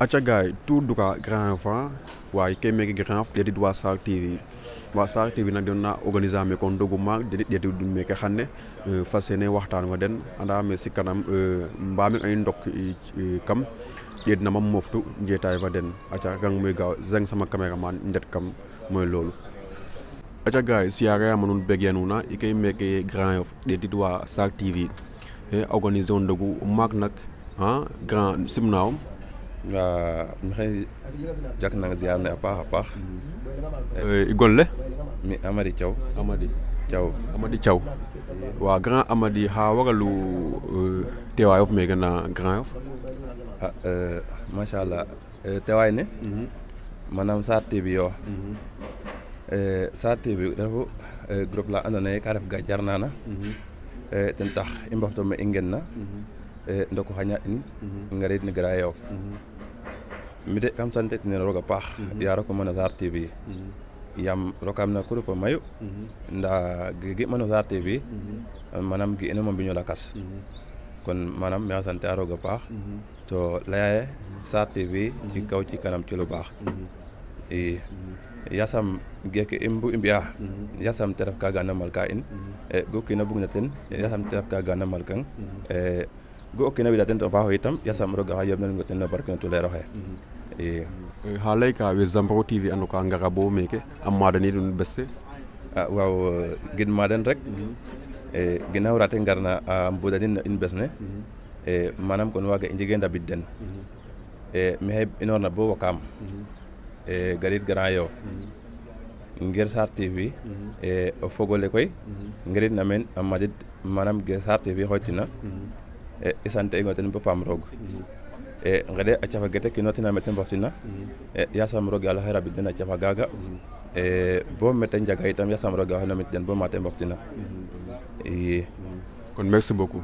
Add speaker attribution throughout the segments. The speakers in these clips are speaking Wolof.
Speaker 1: acca gaay tout du cas grand enfant waaye ke meke grand dedit waa Sarr TV waa Sarr TV nag den na organiser me kon dogu maak dedit dedit dum meke xane euh, fas waxtaan fa den anda me si kanam euh, mbaam ay ndok kam dedit na ma moftu njeetaay fa den acca gang muy gaaw zeng sama caméraman ndet kam mooy loolu acca gaay siyaare yaama nun begee nuuna i kay meke grand yof dedit waa Sarr TV eh, organiser on maak nag ah, grand simnaawum maxey jaknang ziarne a paax a paax euh, i golle mi Amady Thiaw Amady Thiaw Amady Thiaw waaw grand Amady xa waralu euh, teewaayof meke na grand yof euh,
Speaker 2: a teewaay ne manaam mhm. Sarr TV yo Sarr TV refu groupe la andoona yee ka ref gajar naana mhm. ten tax i mbaxto me i ngen na mhm. ndoko xaña in ngariid ne Grand Yoff mide kam santetinen roga pah mhm. ya ko mono zar tv mhm. yam rokam na kurupa mayu mhm. nda gege mana zar tv manam gi eno mo mbiño lakas kon manam mi sante a roga pah to layaye zar tv jika kaw ci kanam ci lu baax i yasam geke imbu imbia, yasam teref kaga namal ka in e, go kina bugna ten e, yasam teref kaga namal kan e, go kina wida ten to hitam itam yasam roga ha yobnal ngo na barkina
Speaker 1: tulero he e haalay ka we zambro tv andu ka ngara bo meke am maɗani ɗum beste waaw gidma den rek e ginaaw rate
Speaker 2: ngarna a mbudanin in besne e manam kon waaga i njege ndabid den e maxey inoorna bo wakaam e garid grand yow ngir sar tv e o fogole koy ngirid na meen a madid manam ngir sar tv xooytina i sante ingo ten bo paam roog e eh, ngeɗe a cafa guete kino tiname ten mbaxtina mhm. eh, yasam roog yaloxe rabid den a cafa gaga mhm. e eh, mete njaga itam yasam roog yaloxe namit den bo mate
Speaker 3: mhm.
Speaker 1: kon merci beaucoup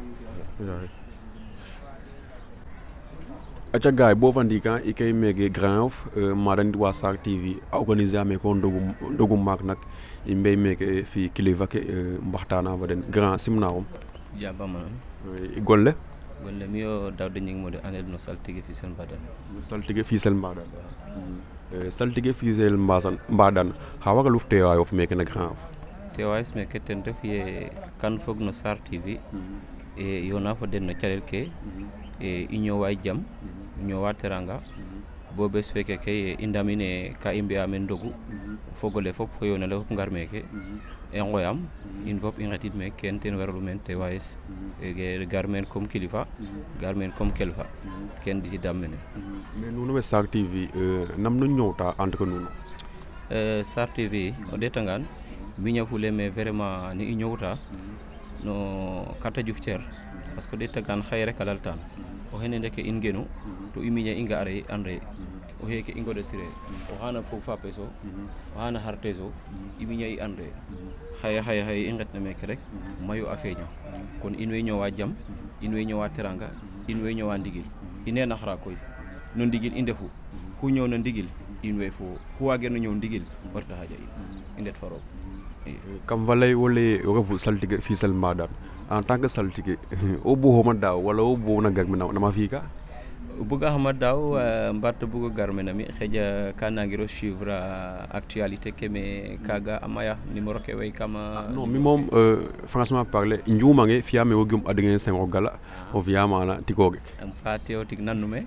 Speaker 1: aca gaay bo fa ndiik i kay meeke Grand Yoff maada nit wa Sarr TV a organiser a maak nak i mbey fi kilifa ke mbaxtaana fa den grand simnaxum
Speaker 4: jaba golle mi yo dawde de anede no saltige saltigue fisel mbaɗan saltigue fisel mbaɗan
Speaker 1: eh, saltigue fisel mbasan mbaɗan ha waga luf tewawi of meke na grand
Speaker 4: teways me ten ref ye kan fog no sar tv mm-hmm. e eh, yona foden no calel ke e i ñowa jaam mm-hmm. ñowa teranga mm-hmm. bo bes feke ke i ndamine ka i mbiya men dogu fogole fop fo yonale fop ngar meke en une in une i mais ken ten waralu men te wais gar garmen comme kilifa mm-hmm. garmen men comme kelfa ken ɗicidam mene mais
Speaker 1: nous we sar tv nam nu ñowta entre
Speaker 4: euh sar tv o ɗetangan miñafule mais vraiment ni i ñowta no kata juf cer parce que o xey rek a laltan o xene ndeke in genu to i miña i nga are an o ingo i tire. o xaana poog fapes o o xaana xartes o i miña i ande xaye xaye xaye i ngetna rek mayu kon inwe way jam in way teranga in way ñoowa ndigil koy no ndigil ñëw na ndigil in way fo xu waageerna ñëw warta xaƴa in i
Speaker 1: kam faley wo leye o refu saltige fi sal daan en tant que saltige o homa da wala o na gag na mafika
Speaker 4: buga hamadaw eh, mbatta bugo garme nami xeja kanangiro suivre actualité keme kaga amaya numéro ke way kama ah, non mi
Speaker 1: mom euh, franchement parler njuumange fiyame wo gum adingen sengo gala ah. o fiyamana tikoge
Speaker 4: am fati o tik me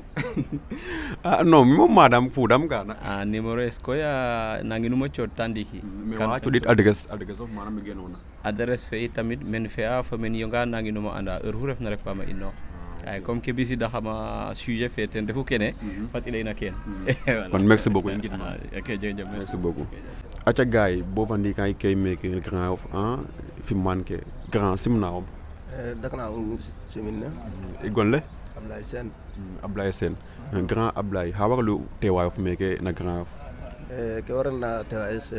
Speaker 4: ah non mi mom madam fudam ah, kana ah numéro est ko ya nanginuma cot tandiki mi wa codit adresse
Speaker 1: adresse of manam mi genona
Speaker 4: adresse fe tamit men fe a fa men yonga nanginuma anda heure hu refna rek fama inno eyyi eh, comme kebbisiɗo hama sujet fe ten refo kene fatiɗayna ken kono merci beaucoup en guiɗma ok jejam
Speaker 1: acca gaay bofandi kan key meke grand of an om
Speaker 5: dakna um siminne e
Speaker 1: gonle ablaye mm, eh, grand ablaye ha warlu grand of
Speaker 5: eh, ke waranna tewas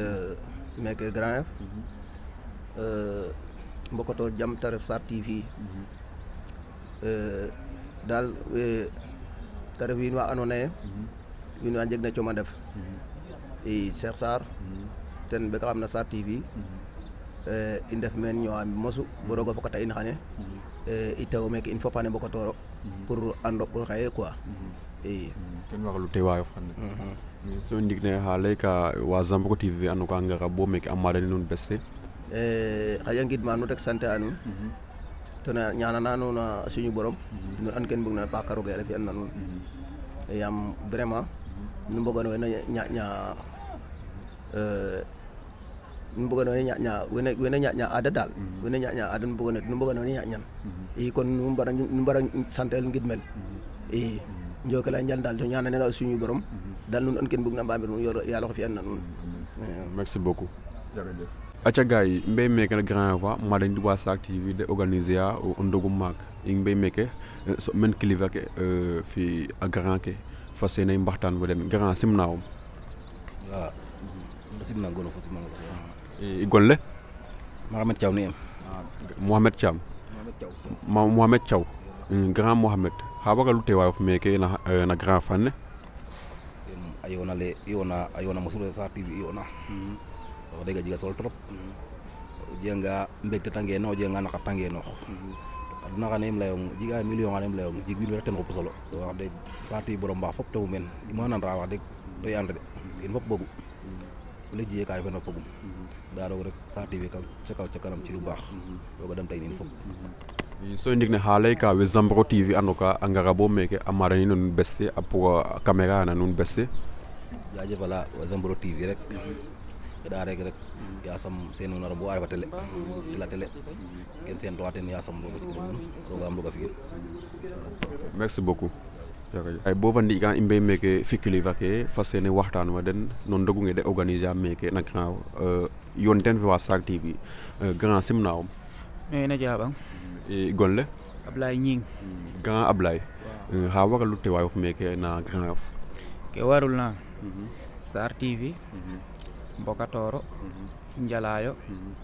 Speaker 5: jam taref sar tv Eh, daal eh, te ref wiin wa andoona yee mhm. wiin wa njegna coom a ndef mhm. i Cheikh Sarr mhm. ten ɓek xam na Sarr TV eh, i ndef meen ñoowa mosu bo roog a fokata in xane i tewo meeke in fop xane mbokatooro pour ando pour xaye quoi i ken waxalu teewaayof xane
Speaker 1: so ndiig ne xa lay ka wa Zambro TV fe ando ka ngara bo meeke a maadani nuun bes fe
Speaker 5: xaƴa ngidma nu rek sante a nuun tona naa nuuna suñu borom mhm. no an ken mbug na paax karoga yala fi'an na nuun mhm. yaam vraiment nu mhm. mbogan wena ñaƴña nu euh, mbogan wene ñaƴña wene ñaƴña aada daal wene ñaƴña aada nu mbogan nu mbogan wene i kon nu mbara nu mbara sante'el ngidmel i njokela njal daal to ñana nena suñu borom daal nuun an ken mbug na mbamir nuun yala xo fi'an na nuun
Speaker 1: merci beaucoup Acha guys, mbey meke na grand va madan di wasa TV de organiser ya ndogu mak. Ing mbey meke so men kiliva ke e, fi a grand ke fa sene mbartan wo den grand simnaw.
Speaker 5: Wa simna gono fo simna. E, e gonle?
Speaker 1: Mohamed Thiaw ne. Mohamed Thiam. Ah, Mohamed Thiaw. Mm, grand Mohamed. Ha baga lute wa fo meke na e, na grand fan
Speaker 5: ne. Ayona le ayona ayona musulo sa TV ayona. Mm-hmm. odega jiga sol trop jenga mbekte tangeno jenga nakatangeno aduna ka im layong jiga million xana im layong jig wiin rek ten ko solo wax de saate borom ba fop tewu mo nan ra wax de doy andre de en fop bogu le jiye ka refe no pogum da roog rek saate we kaw ca kaw ca kanam ci lu bax roga dem tay ni fop
Speaker 1: so ndik ne Haleka lay ka we zambro tv anoka angara bo meke amara ni non besse beste a pour caméra na nun beste
Speaker 5: wala zambro tv rek daareeg rek yasam seenun a ramb télé tela télé ken seentuwa teen yasam roga ci rogaam roga fi'in
Speaker 1: merci beaucoup ay bo fa ndiik i mbay meke fi kilifa ke fas yéene waxtaan wa den no ndogu nge de organiser a meke na grand euh, yoon ten fe wa Sarr TV euh, grand simna om na jaɓang e, gon le Ablaye Gning grand Ablaye xa euh, waralu teewaayof meke na grand
Speaker 6: yof ke warul na mhm. Sarr TV mhm. bokatoro toro mhm. njalayo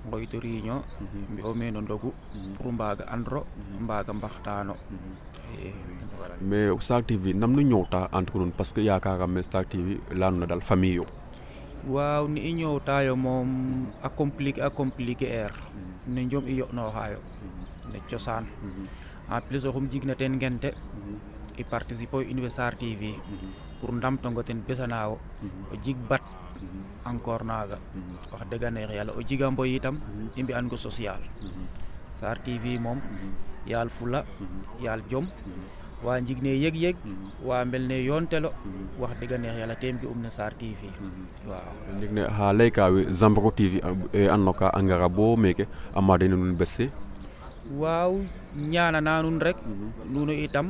Speaker 6: ngoytu mhm. riño mbi mhm. o meno ndogu pour mbaga andro mbaga mbaxtano mais
Speaker 1: eh, star tv namnu ñowta entre nun parce que yakaram mais star tv lanu na dal famille yo
Speaker 6: waaw ni i mom moom a compliqué a compliqué air ne iyo no yo'nooxaayo ne cosaan en plus oxum jigna teen ngente i participe o universar tv pour ndamtongo ten besanaawo o jig bat Mm-hmm. encore naga mm-hmm. wax dëgg neex o jigambo yitam mm-hmm. i mbi'an go social tv moom yaal fula yaal jom waa njig ne yëg yëg waa mbel wax dëgg neex teem ge um ne tv waaw
Speaker 1: njig xa layka we Zambro TV e anno ka a ngara bo meeke a maade ne nuun besse
Speaker 6: waaw ñaana na nuun rek nuuno itam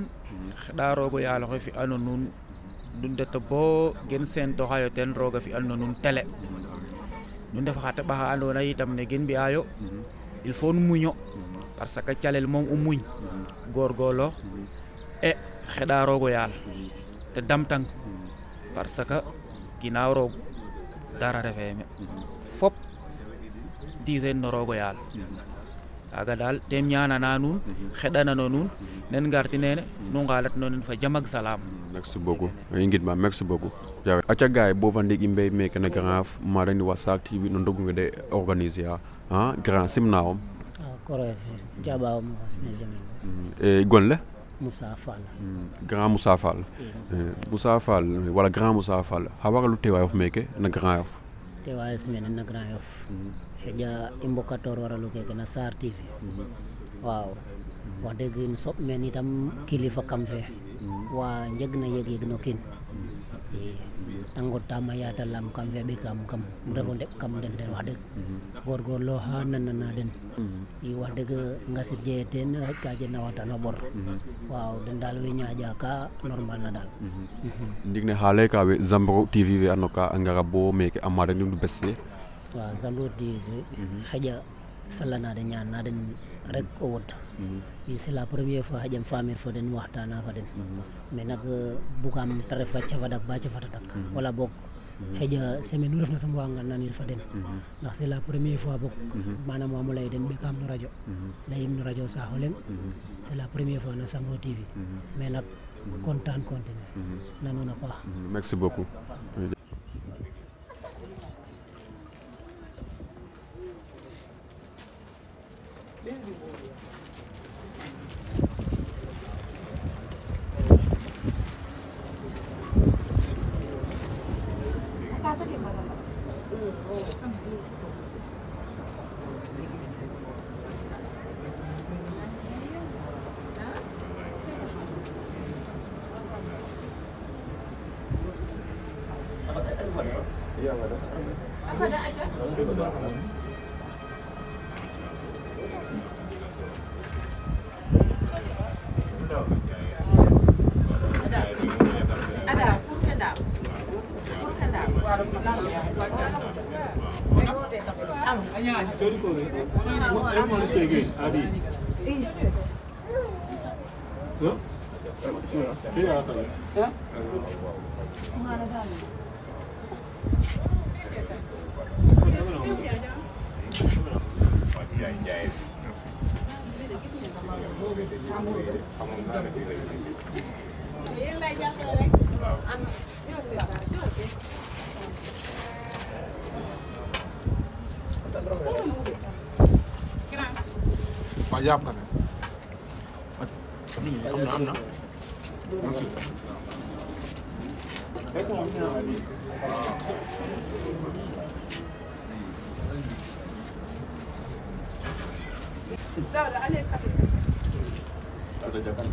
Speaker 6: xeɗa roogo yaaloxe fi'ano nuun dundata bo gen sen toxayo ten roga fi'an no nuun télé nu ndef xa teɓaxa andoona yee itam ne gen mbi'aayo il faut muño parce que calel moom u muñ góorgóorloox e xeɗa roog o yaal te damtang parce que ginaaw roog dara refee me fop diiseen no roog o yaal kaga dal tem ñanana nuun mhm. xeɗanano nuun nen ngarti nene nu ngalatno nen fa jaam salaam
Speaker 1: merci beaucoup i ngidma merci beaucoup aca gaay bo fa ndiik i mbey meke no Grand Yoff made ndiwa a gon le
Speaker 7: Moussa mm.
Speaker 1: grand Moussa Fall eh, eh, grand Moussa Fall xa waralu teewaayof meke no Grand Yoff
Speaker 7: TYS meɗen no Grand Yoff heƴa imbocateur waralu keke no Sar TV waaw wax dëgg soɓ men itam kilifa kam fe mm-hmm. wa jeg na yeg i ngota maya laam kam fe ɓekaam kam um refo ndeɓ kam den ten wax deg goorgoorloox xa nanana den i wax deg ngasir jeye teen xaƴ ka jeg na waxtaan o ɓor waaw den daal we ñaaƴa ka normal na daal
Speaker 1: ndiig ne ka we Zambro TV fe a noka a ngara bo meeke a maada ndim bes
Speaker 7: waaw Zambro TV xaƴa sala na den ñaan na den rek o wod c'est mhm. la première fois haƴam famir fa den waxtana fa den mais mhm. nak eh, bugam te ref fa cafadak ba cafatatak mhm. wala bok xeja semaine nu refna sam waga nanir fa den ndax c'est la première fois bok manam wamu lay den ɓekam no radio layim no radio saxo leng c'est la première fois na tv mais nak content
Speaker 3: continuer apa? paax merci beaucoup very good. Everyone say again, Adi. No? Yeah. Yeah.
Speaker 7: Thank you.
Speaker 8: Payá para. Mira, không nắm nữa. Nó sự. Hãy subscribe cho kênh
Speaker 9: Ghiền Mì Gõ Để không bỏ lỡ
Speaker 1: những video hấp dẫn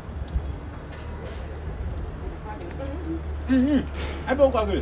Speaker 8: Mm-hmm. I broke a girl.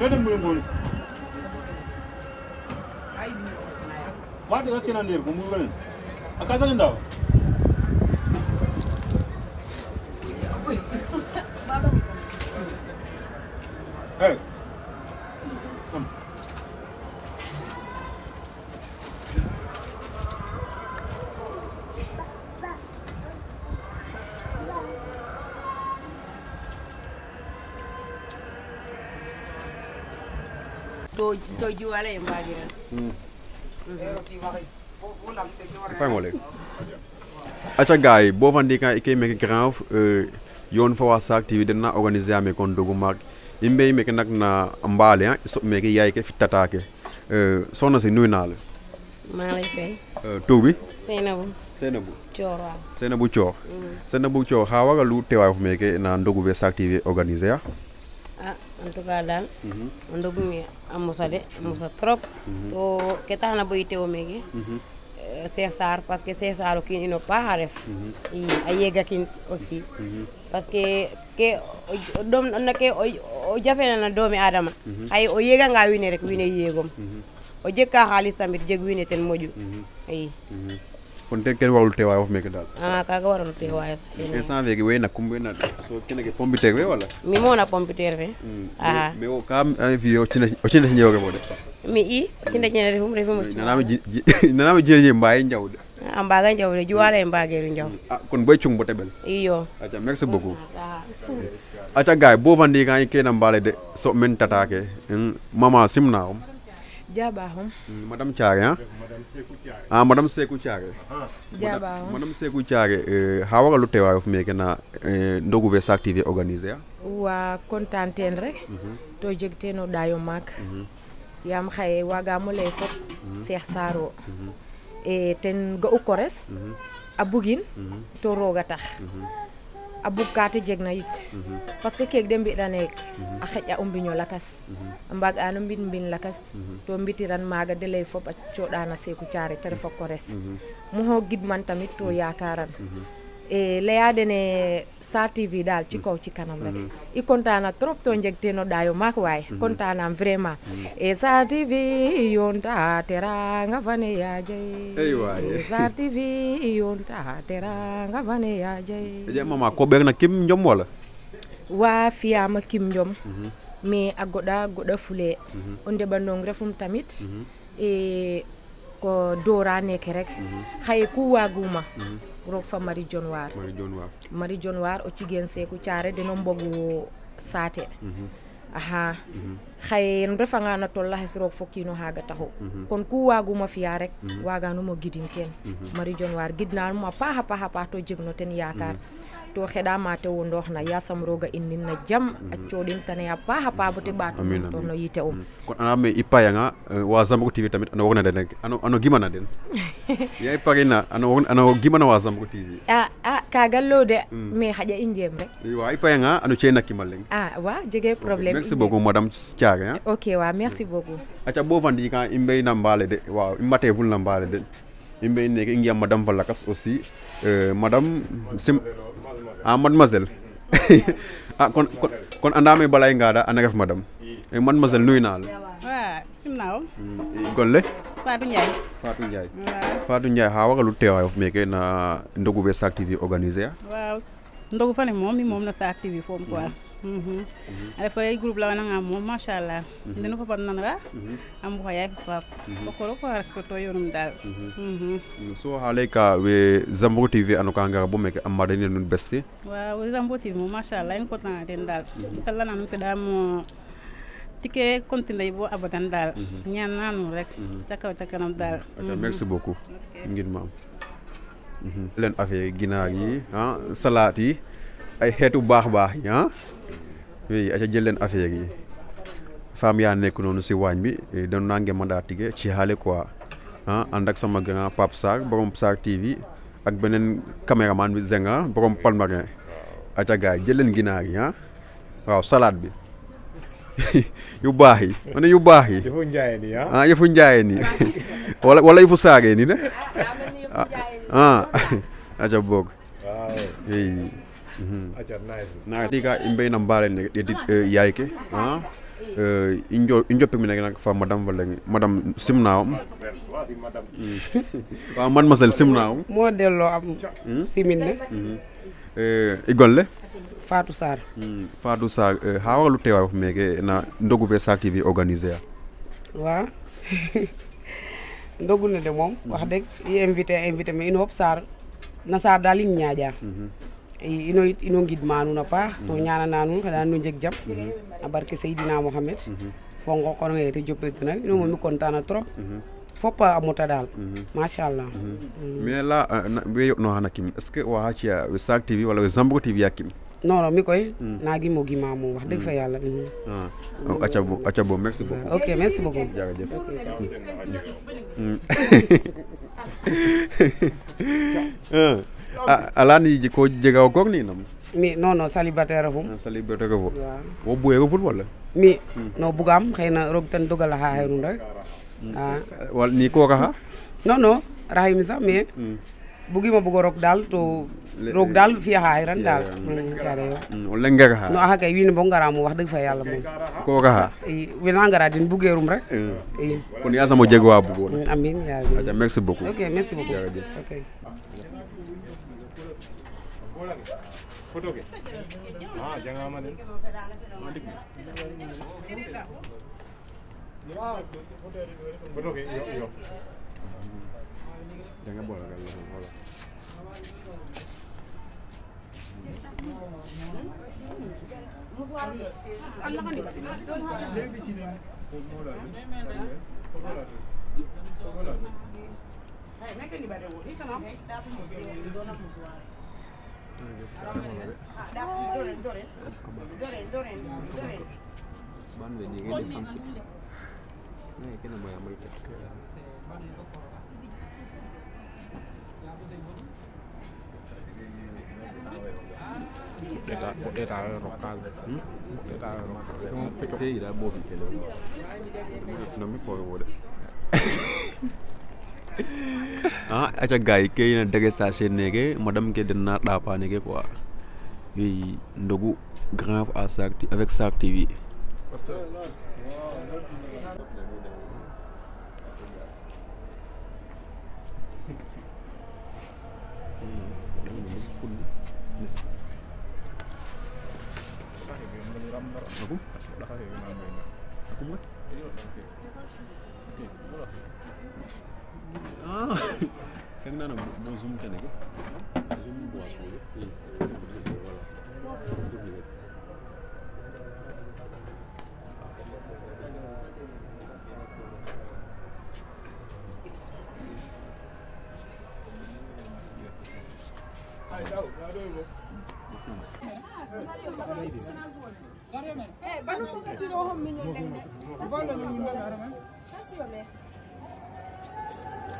Speaker 8: Keden bulim bol. Wadi ka kinan dir ko murgani. Akasa nda.
Speaker 7: tojjuwale
Speaker 3: mbagina
Speaker 1: pangole acha gay bo vandika ike meke grave euh, yon fo wasa den na organiser ame kon dogu mak imbe meke nak na mbale ha eh, soɓ meke yaay ke fitata ke eh, soxna si se nuy na la
Speaker 9: ma lay fay euh toubi senabu senabu cior
Speaker 1: senabu cior mm. senabu cior ha waga lu tewa fo meke na ndogu be activité organiser
Speaker 9: a en tout cas daal ndogumi a mosa de a mosa trop mhm. to ke taxna bo yitewome ge mhm. euh, Cheikh Sarr parce que Cheikh Sarr o kiin ino paax a ref mhm. a yega kiin aussi parce que ke o ɗom na ke o adama xaye o yeganga wiin we rek wiin we o jeg ka xaalis tamit jeg wiin ten moƴu i
Speaker 1: kontekel warul tewayo ofumeke dala
Speaker 9: ah kaka warul tewayo ke
Speaker 1: san vege we nakumbe na so kene ke pombitere we wala
Speaker 9: mi mo na pombitere ve mm, ah me o
Speaker 1: kam vi eh, o chine o chine chinye oke
Speaker 9: mi i chine chinye e e ah, re humre humre naname
Speaker 1: naname jire je mbaye njawde
Speaker 9: ambaga njawde juwala e mbageru njaw
Speaker 1: kon boy chung bote bel iyo acha merci beaucoup
Speaker 9: ah,
Speaker 1: acha gay bo vandi kan ke na mbale de so men tatake mm, mama simnaum Diabaaxum. madame Thiaré ah. ah madame Sekou Thiaré.
Speaker 10: Diabaaxum madame
Speaker 1: Sekou Thiaré xa eh, waralu teewaayof meeke na eh, ndogu fe s'activer organiser a
Speaker 10: waa kontaan teen rek mhm. to jeg teen o ɗaayo maak mhm. yaam xaye waagaam o lay fop mhm. Cheikh Sarr o e eh, ten ga'u kores a bugin to roog a tax a bug jeg na yit mhm. parce que keek de mbi'ran mhm. a xeƴa o mbiño lakas mhm. a mbaag'aan o mbin mbin lakas to mbitiran maaga de lay fop a cooɗaan a seeku caare ta ref a kores mo xoo gidman tamit to yaakaaran Eh, leyaade ne Sarr TV daal ci mm. kaw ci kanam rek mm-hmm. i na trop to teno ɗaayo maak waay mm-hmm. kontaanam vraiment mm-hmm. e Sarr TV yonta nga vane ya jey
Speaker 1: e Sarr
Speaker 10: TV yonta nga vane ya jey je
Speaker 1: mama ko ɓeeg na kim njom wala
Speaker 10: wa fiyaama kim njom mais a goɗa goɗa fule o ndeɓanong refum tamit e ko doora neke rek xaye ku waaguma ɓuroɗ fa mari jon war mari jon war o cigen seeku caare deno mbogu saate mhm. aha mhm. xaye yen refanga na tollaxes roog fo kiino xaaga taxu mhm. kon ku waaguma fiya rek waaganum o gidin teen mari jon war gidnanum a paax a paax to jeg no ten yaakaar to heɗa ma tewo ya yasam roga inninna jaam accoɗin mm. taneya paaxa paabote ɓaat to no yite um mm.
Speaker 1: kono ana me i payanga eh, wasambugu tv tamit ano wogna den eh, ano gimana den ya i parina ano gimana wasambugu tv
Speaker 10: a a kaga low de mais mm. xaƴa i njeem rek
Speaker 1: wa ano ceena kimal leng
Speaker 10: a wa jege problem merci
Speaker 1: beaucoup madame Thiaga eh.
Speaker 10: ok wa merci beaucoup
Speaker 1: aca bo fandi ka i mbeyna mbaale de waaw i mate ful na mbaale de i mbey neke madame aussi madame sim a ah, mademoiselle ah kon kon kon andame balay ngaɗa ana ref madame eh, mademoiselle nuy naal
Speaker 3: wa simnaw hmm,
Speaker 1: golle Fatou Ndiaye Fatou Ndiaye Fatou Ndiaye xa waralu teewayof meke na ndogu fe Sak TV organiser a
Speaker 9: waaw ndogu fane moom i moom na Sak TV foom quoi Mm-hmm. aɗa fo groupe lawananga mo machallah ndeno mm-hmm. fa bonnanra mm-hmm. ambo ko yaafi fab fa ko respecto yonum dal so
Speaker 1: haalay ka we zambo tv anuka ka ngara bo meke a mbaɗani nun
Speaker 9: wa we zambo tv mo machallah na content ten dal sallana num feɗamo tike continue bo abadan dal ñaan nanu rek taka kaw ca kanam dal merci
Speaker 1: beaucoup ngin maam len affaire ginaar yi salat yi ay xeetu baax baax yi ah oui aca jël leen affaire yi femme yaa nekk noonu si waañ bi eh, dañu nange mandat tige ci xaale quoi ah ak sama grand Pape Sarr borom Sarr TV ak beneen caméraman bi Zenga borom Palmarin aca gars yi jël leen yi ah. waaw salade bi yu baax yi ma ne yu baax yi ah. ah yëfu njaayee nii wala wala yëfu saagee nii de ah aca ah, boog ɗiga i mbayna mbaren ne ɗeetid yaay ke i njopik mene nak fa madame fa leng madame simnaam waaw man masel simnaam
Speaker 9: moo delloo am hmm? simin ne i mm-hmm. eh, golle Fatou Sarr hmm,
Speaker 1: Fatou Sarr xa eh, waralu teewaay meeke na ndogu fe Sarr TV organiser a
Speaker 9: waaw ndogu ne de moom mm-hmm. wax dëgg i invité invité me in fop Sarr na Sarr daal i ñaaƴaa ino eh, ino gidma nuun na paax to mhm. ñanana nuun xeɗa nu jeg jam mhm. a barke seydina mohamed mhm. na, ngokononge te jopetuna ino momi contana trop fop a mota daal machallah mais
Speaker 1: la euh, we yoɓnoxana kim est ce que waxa ciya we euh, sag tv wala we tv a kim
Speaker 9: non non mi koy naagim o gima moom wax dëgg fa yàlla ah.
Speaker 1: oh, aca bo aca bo merci beaucoup ok
Speaker 9: merci beaucoup jërëjëf okay. Ah,
Speaker 1: alaani ko jega o gognino
Speaker 9: mi non non célibataire ah, a fum célibataire
Speaker 1: fo wo buyeego walla
Speaker 9: mi no bugaam xeyna roog ten dogal xa xeerun rek hmm. ah.
Speaker 1: wal ni kooka xa
Speaker 9: non non sax mais hmm. bugima bugo rok daal to roog daal fiya xa daal kaaga yo
Speaker 1: o leng ngega xa
Speaker 9: kay wiin we bo ngara wax dëgg fa yàlla moom kooka xa wena ngara den bugeerum rek hmm. i kon yasam o jeg wa bugoona amiin yaa merci
Speaker 1: beaucoup
Speaker 8: ಫೋಟೋಗೆ ಹಾಂ ಜಂಗಮಲ್ಲಿ
Speaker 6: ಫೋಟೋಗೆ ಅಯ್ಯೋ ಅಯ್ಯೋ
Speaker 8: ಜಂಗ ಬೋಳ
Speaker 9: ಬೋಳ ಅಲ್ಲ
Speaker 3: Hey, make anybody work. He come
Speaker 1: Hmm? ah aca gaay ke ina dege sachet neke madame ke den na ɗapa neke quoi i ndogu grand à sac avec sac tv Aku? Aku buat?
Speaker 3: Okay. Okay.
Speaker 1: Ah, kan nana mo zoom kan ko. Zoom bo ko yo.
Speaker 10: Eh, bano sokati rohom minyo lende. Bano minyo lende. Sasiyo me. Hmm.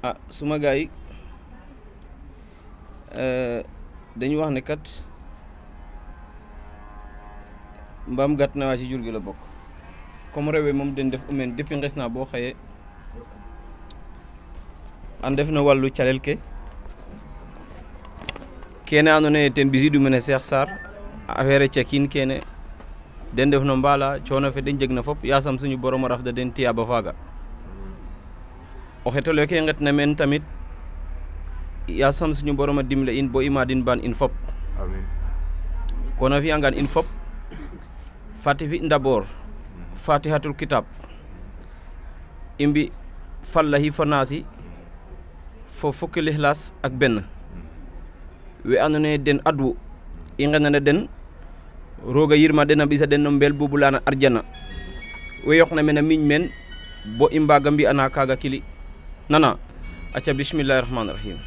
Speaker 4: ah suma gay euh dañu wax ne kat mbam gatna na ci jurgi la bok comme rewé mom dañ def umen depuis nges bo boo an ndefna wallu calel ke kene andoona yee ten ɓisiidu mene Cheikh Sarr affaire cekin kene den ndef na mbaala coono fe de njegna fop yaasam suñu borom a rafda den tiyaaba faaga o xet ke nqetna meen tamit yaasam suñu boroom a dimle in bo i maadin baan in fop kono a fi'angaan in fop fati fi d'abord fatihatul kitab i mbi fallahi fo foofu fukki lixlaas ak benn we andoona yee den adwu i nqenana den roog a yirmaden a ɓisa den no mbeel bubulaan arjana we yoqna men a miiñ meen bo i mbaag a mbi'ana kaaga kili nana aca bismillahi rahmani rahim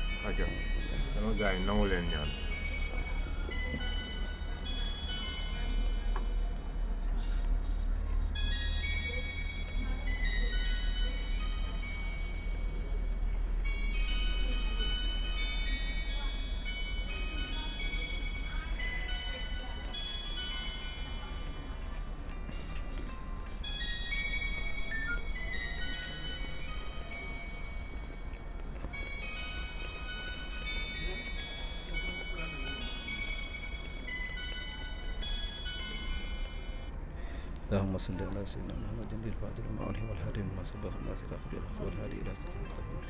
Speaker 4: صل على سيدنا محمد للفاتح لما ألهم الحرم ما سبق الناس إلى آخر الأخر والهادي إلى صراط المستقيم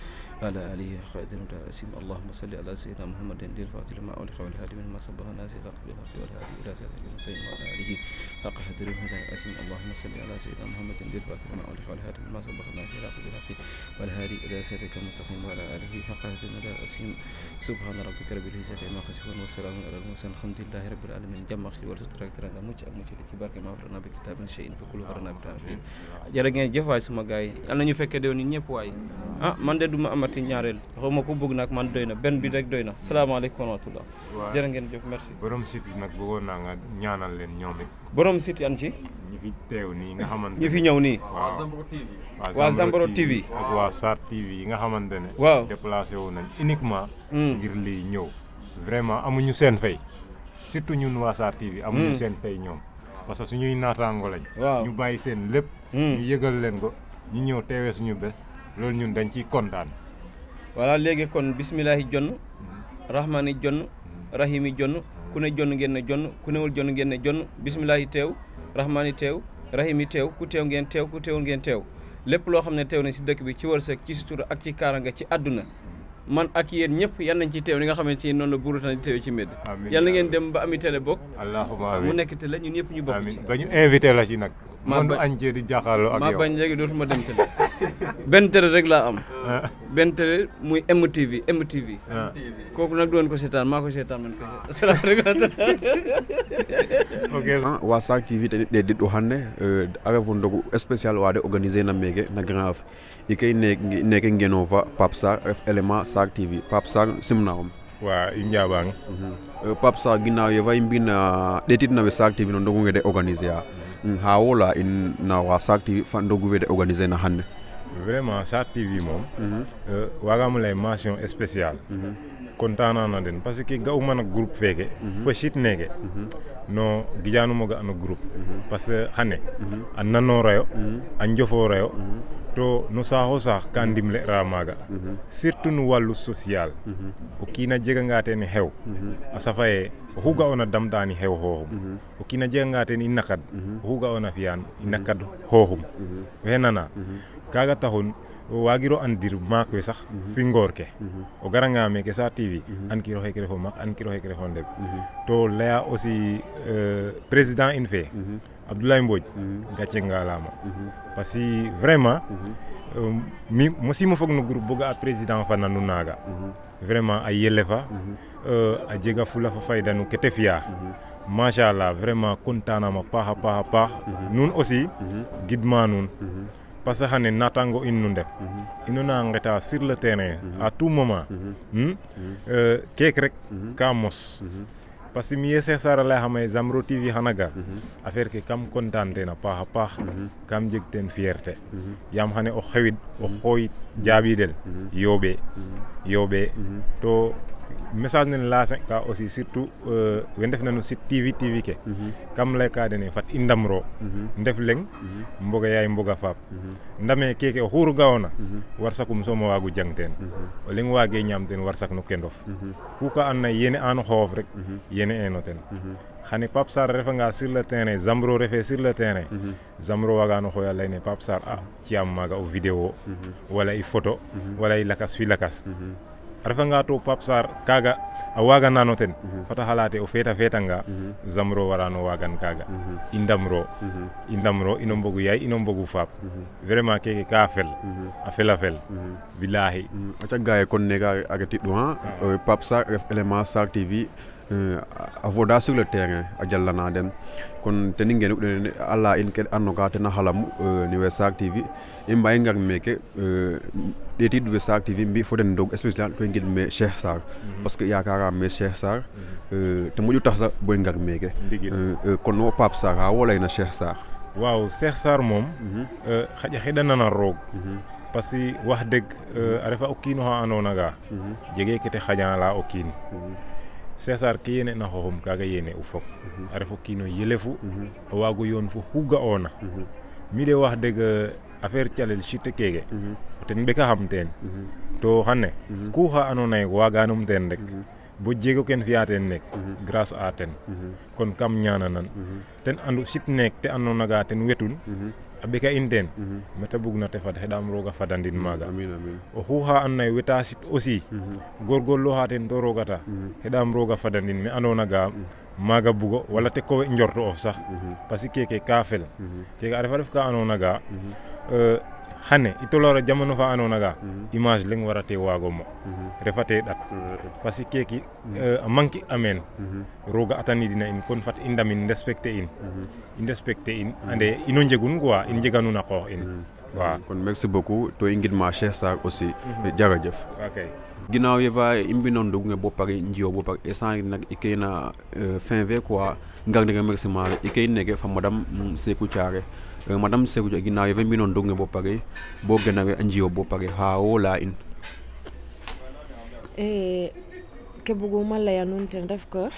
Speaker 4: على آله قائد ولا أسيم اللهم صل على سيدنا محمد للفاتح لما ألهم والهادي ما سبق الناس إلى آخر الأخر والهادي إلى صراط المستقيم على آله حق حدر ولا أسيم اللهم صل على سيدنا محمد للفاتح لما ألهم والهادي ما سبق الناس إلى آخر الأخر والهادي إلى صراط المستقيم على آله حق حدر ولا أسيم سبحان ربك رب العزة عما يصفون والسلام على المرسلين الحمد لله رب العالمين جمع خير ورثت تراك مجد مجد كبار كما أمرنا بكتاب شيء bokkul coronavirus bi jërë ngeen jëf waay sama gars yi ñu ni ñëpp waay ah man de duma amati ñaareel xaw ma ko bëgg nag man doy na benn bi rek doy na salaamaaleykum wa
Speaker 8: rahmatullah ngeen merci borom situ nak bëggoon naa nga ñaanal leen borom situ anji? ci ñi fi teew nii nga xamante ñi fi ñëw nii waa Zambro TV waa Zambro TV ak waa Sar TV yi nga xamante ne waaw wu nañ uniquement hmm. ngir lii ñëw vraiment amuñu seen fay surtout ñun Sar TV amuñu hmm. seen fay ñoom parce que suñuy naataango lañ. waaw ñu bàyyi seen lépp. Hmm. ñu yëgal leen ko ñu ñëw teewee suñu bés loolu ñun dañ ciy kontaan. voilà léegi kon bisimilahi jonn hmm. rahmaani jonn
Speaker 4: hmm. rahimi jonn ku ne jonn ngeen ne jonn ku newul jonn ngeen ne jonn bisimilahi teew rahmaani teew rahimi teew ku teew ngeen teew ku teewul ngeen teew lépp loo xam ne teew na si dëkk bi ci wërsëg ci sutura ak ci kaaranga ci àdduna man ak yéen ñëpp yal nañ ci teew ni nga xamante ni noonu la Buurutani teew ci mbedd yal na ngeen dem ba ami télé bokk mu nekk télé ñun ñëpp ñu bokk ci ba ñu invité la ci nag maa bañ añ di jaaxaaloo ak yow maa dootuma dem télé benn télé rek laa am. Ah. benn télé muy MTV MTV. Ah. kooku nag doon ko seetaan maa ko seetaan man ko asalaamaaleykum. ok. Ah, waa Sak TV euh,
Speaker 1: na meeke na Grand Yoff i kay neeke ngenoofa Pape Sarr ref élément Sak TV Pape Sarr simnaxum
Speaker 8: waa i njaaɓaang mhm.
Speaker 1: euh, Pape Sarr ginnaaw ye fay mbi'na ɗeetitna we Sak TV no ndogu nge de organiser a ha wola in nawa sac fa fandogu wede organize na hannde
Speaker 8: vraiment sac tv moom mhm. euh, wagamo lay mention spéciale mhm. na den parce ce que ga'umana groupe feeke fo sitneke no ga' no groupe mhm. parce que xane a nanoroyo a njoforoyo to no saaho kandi kan dimle'ra maaga surtout no wallu social o kiina jeganga ten hew a ona ye oxu ga'oona damtaani hew xooxum o kiina jeganga ten i nakad oxu ga'oona fiyaan i nakad xooxum oxey nana andir maak we sax fi ke o garanga meeke sa tv ankiro xeeke mak, maak ankiro xeeke refo ndeɓ to laya aussi eh, président in fee mhm. Abdoulaye Mbodj mhm. gàcce mhm. parce que vraiment mhm. euh, mi groupe boga président là, vraiment euh, jega fula fa fayda nu vraiment contanama à pa pa, nous aussi gidma nous, parce que natango in nu ndef sur le terrain à tout moment hmm? euh, parce que miye sesara la xamay zamro tv Hanaga, mhm. affaire ke kam contente na paxa paax mhm. kam jeg ten fierté mhm. yam xane o xewid o xoyit yobe, yooɓe to message nene lasen ka aussi surtout uh, we ndef nanu sit tv tv ke mhm. kam lay ka dene fat indamro, ndamro mhm. ndef leng mhm. mboga yaay mboga faap ndame keke o xuru gaona war sakum soma wagu ten o leng wage ñam ten war sak no kendof ku ka anna yene an xoof rek yene eno ten xane pap sar refa nga sur le terrain zamro refe sur le terrain zamro waga no xoya lay ne pap sar ah ciam maga o vidéo wala i photo wala i lakas fi lakas a nga to pape sar kaga a nano ten mhm. fata halate o feeta feetanga mhm. zamro warano wagan kaga mhm. i ndamro i ndamro ino mbogu yaay ino mbogu faap vraiment keke ka fel a fela fel bilahi mm, aca gaye kon nega aga tiɗu ah. ha pape sar ref élément sar
Speaker 1: tv Eh, a voda sur le terrain a den kon teni ngeni ɗen ala in ke anno ga na halam eh, ni wesa tv im bay ngar meke ɗetiɗ eh, wesa tv mbi foden dog spécial to ngid me cheikh sar mhm. parce que yakara me cheikh sar mhm. te muju tax sa boy ngar meke kon no pap sar ha na cheikh
Speaker 8: sar waaw cheikh sar moom mhm. na na rog parce que wax deug a refa o kiino xa jege kete xaƴala la kiin sesar ke yene na xoxum kaga yene u fop mhm. a refo kiino yelefu o mhm. waago yoon fo xu ga'oona mhm. mi de wax dëgg affaire calel chute keeke ten ɓekaxam teen to xane ku xa andoona yee waaganum teen rek bo jego ken fiya teen neek grâce à ten kon kam ñaananan ten andu sit neek te andoona ga ten wetun abeka inden in ten mhm. mete bugna te fad hedam roga fadandin maaga mhm. o xu xa andoona ye weta sit aussi mhm. gorgorlooxa ten to roogata heɗam roga fadandin me andoona ga maaga bugo wala te ko njorto of sax parce que keke ka fel keke a refa ref ka andoona ga eh, hannde itolore jamanu fa anonaga mhm. image leng warate wagomo mhm. refate ɗat mhm. par ce que keki a eh, manque amen roga atanidina in kon fat i ndamin respecté in i respecté in ande ino jegun quoi in jeganuna qoox in
Speaker 1: waaw kon merci beaucoup to i ngidma cheikh sar aussi eh, jarajëf ok ginnaaw yewa i mbinon ndogunge bo pare njiyo bo pare instant nak i keyna eh, fin fe quoi ngar nege remerciement le i key nege fa madame mm, Sékou Thiaré Eh, madame se ginaaw ye 20 million donge bo pare bo genawe anjiyo bo pare ha wola in
Speaker 10: e ke buguma leya nun ten ref que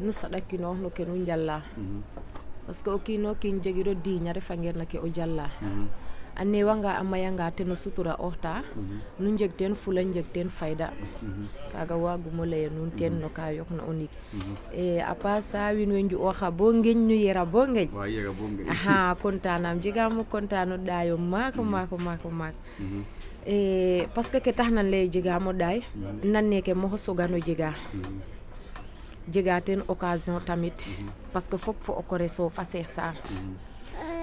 Speaker 10: nu mhm. saɗakino no ke nu njala mhm. parce que o kiino kiin jegiro diiña refa ngeer na ke o jala mm -hmm. a newanga a mayanga ten o sutura oxta mhm. nu njeg teen fula njeg teen fayda mhm. kaaga wagumo leye nuun mhm. teen no ka yoqna o ndik e wiin we nju'ooxa bo ngeñ nu yera bo ngeñ axa contanam jegaam o contane maako maako maako maak e, parce que ke taxna lay jegaam o ɗaay nan neke moxo sogano jega jega teen occasion tamit parce que fop fo o fa seex sa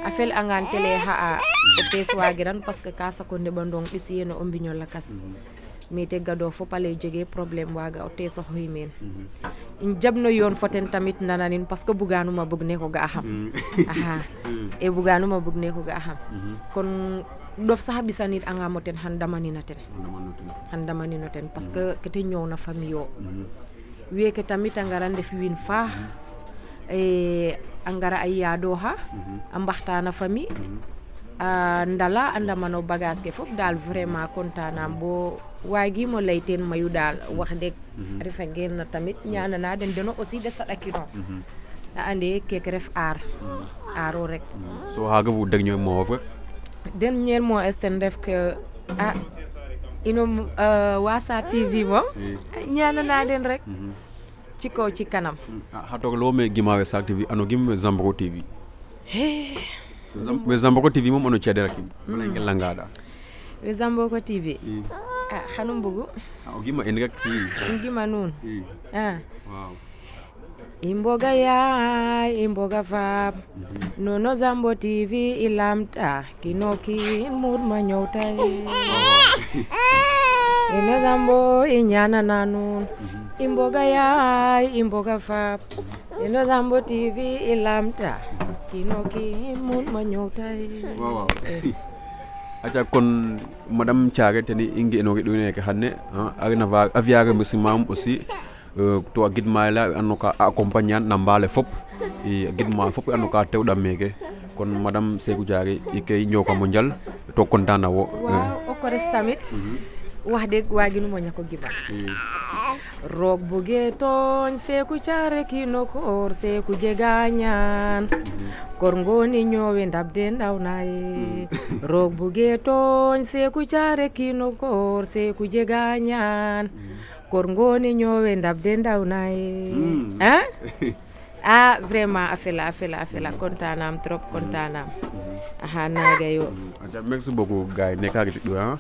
Speaker 10: a fel'angan télé xa'a o tees waagiran parce que ka saq mhm. o ndeɓandong ɓisi yeno o mbiñ o lakas mais tegadoox fop ale jegee probléme waaga o teesoxoy meen um mhm. jaɓno yoon fo ten tamit nananin parce que buganuma bog ne ko ga'axam mhm. axa e kon ɗof sax a ɓisanit'angaam o ten xan damanino ten xan damanino ten parce que ke ta ñoowna famille o weeke tamit a ngara ndef wiin faax e angara ay yaadoha mhm. a mbaxtana fami mhm. ndala a ndamano bagage ke fof daal vraiment contanam bo waagiimo lay teen mayu daal wax deg a mhm. refa ngeerna tamit ñaanana den deno aussi de saɗakino a ande keke ref aar aaro rek
Speaker 1: so xaaga fu dernier mot of
Speaker 10: dernier mot es ten ref que a ah, ino euh, Waasa TV moom ñaanana den rek ci kaw ci kanam
Speaker 1: lo me guimawe sal tv ano gimɓe zambro tv ɓe zambro tv mom ono ceedera kim mm. wala ngel ngaɗa
Speaker 10: ɓe zambro tv mm. ah xanu mbugu ah, o gima en rek en gima ah a imboga ya imboga no mm-hmm. nono zambo tv ilamta kinoki mur ma ñowtay eneza mbo inyana nanun mhm. imboga yai imboga fap eneza mhm. mbo tv ilamta kinokin mul manyotai wow, wow.
Speaker 3: Eh.
Speaker 1: aca kon madame thiare teni i ngenoge ɗoy neke xanne a rena a fiya remerciement um aussi eh, to a gidma la anno ka a accompagne an na mbaale fop i a gidma fop i anno ka tewɗam meeke kon madame sekou diare i ke i ñokamo njal to content na wo
Speaker 10: eh. o kores tamit mm -hmm wax dëgg waaginuma ña ñako gibal hmm. roog buge tooñ seeku caare kiino koor seeku jega ñaan kor ngooni ñoowe ndab de ndaw naye roog buge tooñ seeku caare kiino koor seeku jega ñaan hmm. kor ngooni ñoowe ndab de ndaw naye hein a vraiment a fela a fela a fela contanam trop contanam hmm. aha yo
Speaker 1: merci beaucoup gay nekagiti ɗo